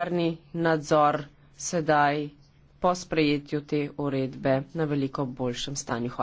parlamentarni nadzor sedaj po sprejetju te uredbe na veliko boljšem stanju.